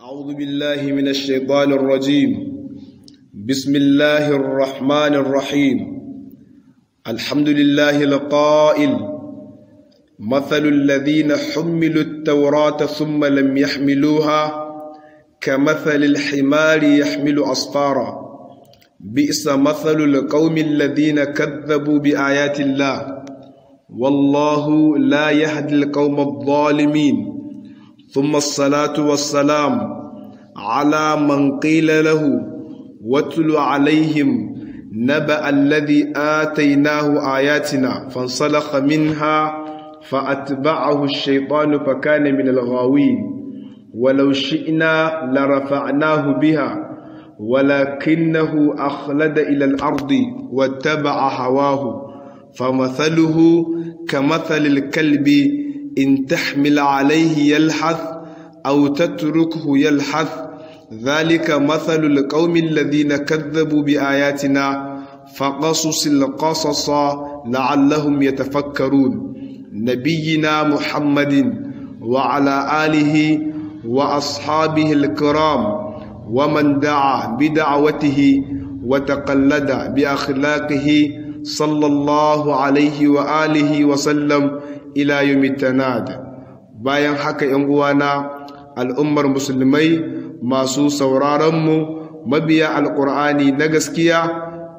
أعوذ بالله من الشيطان الرجيم بسم الله الرحمن الرحيم الحمد لله القائل مثل الذين حملوا التوراة ثم لم يحملوها كمثل الحمار يحمل أسفارا بئس مثل القوم الذين كذبوا بآيات الله والله لا يهدي القوم الظالمين ثم الصلاة والسلام على من قيل له واتل عليهم نبأ الذي آتيناه آياتنا فانسلخ منها فأتبعه الشيطان فكان من الغاوين ولو شئنا لرفعناه بها ولكنه أخلد إلى الأرض واتبع هواه فمثله كمثل الكلب إن تحمل عليه يلحث أو تتركه يلحث ذلك مثل القوم الذين كذبوا بآياتنا فقصص القصص لعلهم يتفكرون نبينا محمد وعلى آله وأصحابه الكرام ومن دعا بدعوته وتقلد بأخلاقه صلى الله عليه وآله وسلم ila yumitanad bayan haka yan uwana al'ummar musulmai masu sauraronmu mabiya alƙur'ani na gaskiya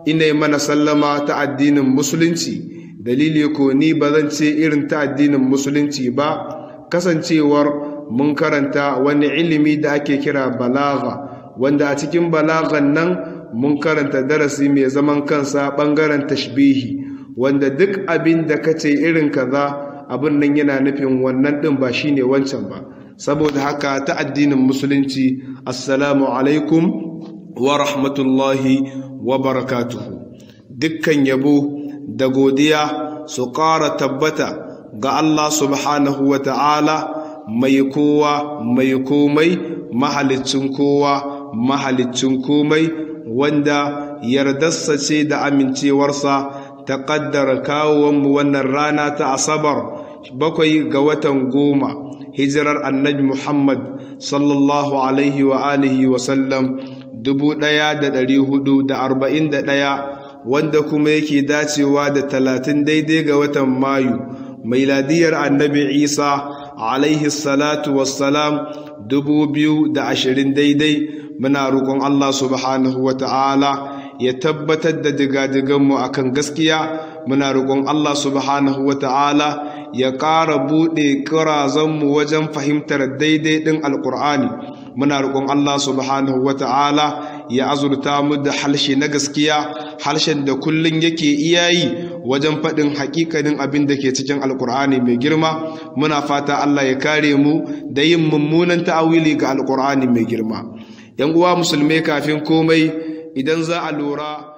ina mana sallama ta addinin musulunci dalili ko ni ba zan ce irin ta addinin musulunci ba kasancewar mun karanta wani ilimi da ake kira balaga wanda a cikin balagan nan mun karanta darasi mai zaman kansa ɓangaren tashbihi wanda duk abin da ka ce irin kaza abin nan yana nufin wannan ɗin ba shine wancan ba saboda haka ta addinin musulunci assalamu alaikum wa rahmatullahi wa barakatuhu dukkan yabo da godiya su ƙara tabbata ga Allah subhanahu wa ta'ala mai kowa mai komai mahalicin kowa mahalicin komai wanda yardarsa ce da amincewarsa ta ƙaddara kawowanmu wannan rana ta asabar bakwai ga watan goma hijirar annabi Muhammad sallallahu alaihi wa alihi wa sallam dubu ɗaya da ɗari hudu da arba'in da ɗaya wanda kuma yake dacewa da talatin daidai ga watan Mayu mailadiyar annabi Isa alaihi salatu wassalam dubu biyu da ashirin daidai muna roƙon Allah subhanahu wa ta'ala ya tabbatar da digadiganmu a kan gaskiya muna roƙon Allah subhanahu wa ta'ala ya ƙara buɗe ƙirazanmu wajen fahimtar daidai ɗin alƙur'ani muna roƙon Allah subhanahu wa ta'ala ya azurta mu da halshe na gaskiya harshen da kullum yake iyayi wajen faɗin hakikanin abin da ke cikin alkur'ani mai girma muna fata Allah ya kare mu da yin mummunan ta'awili ga alkur'ani mai girma yan uwa musulmai kafin komai idan za a lura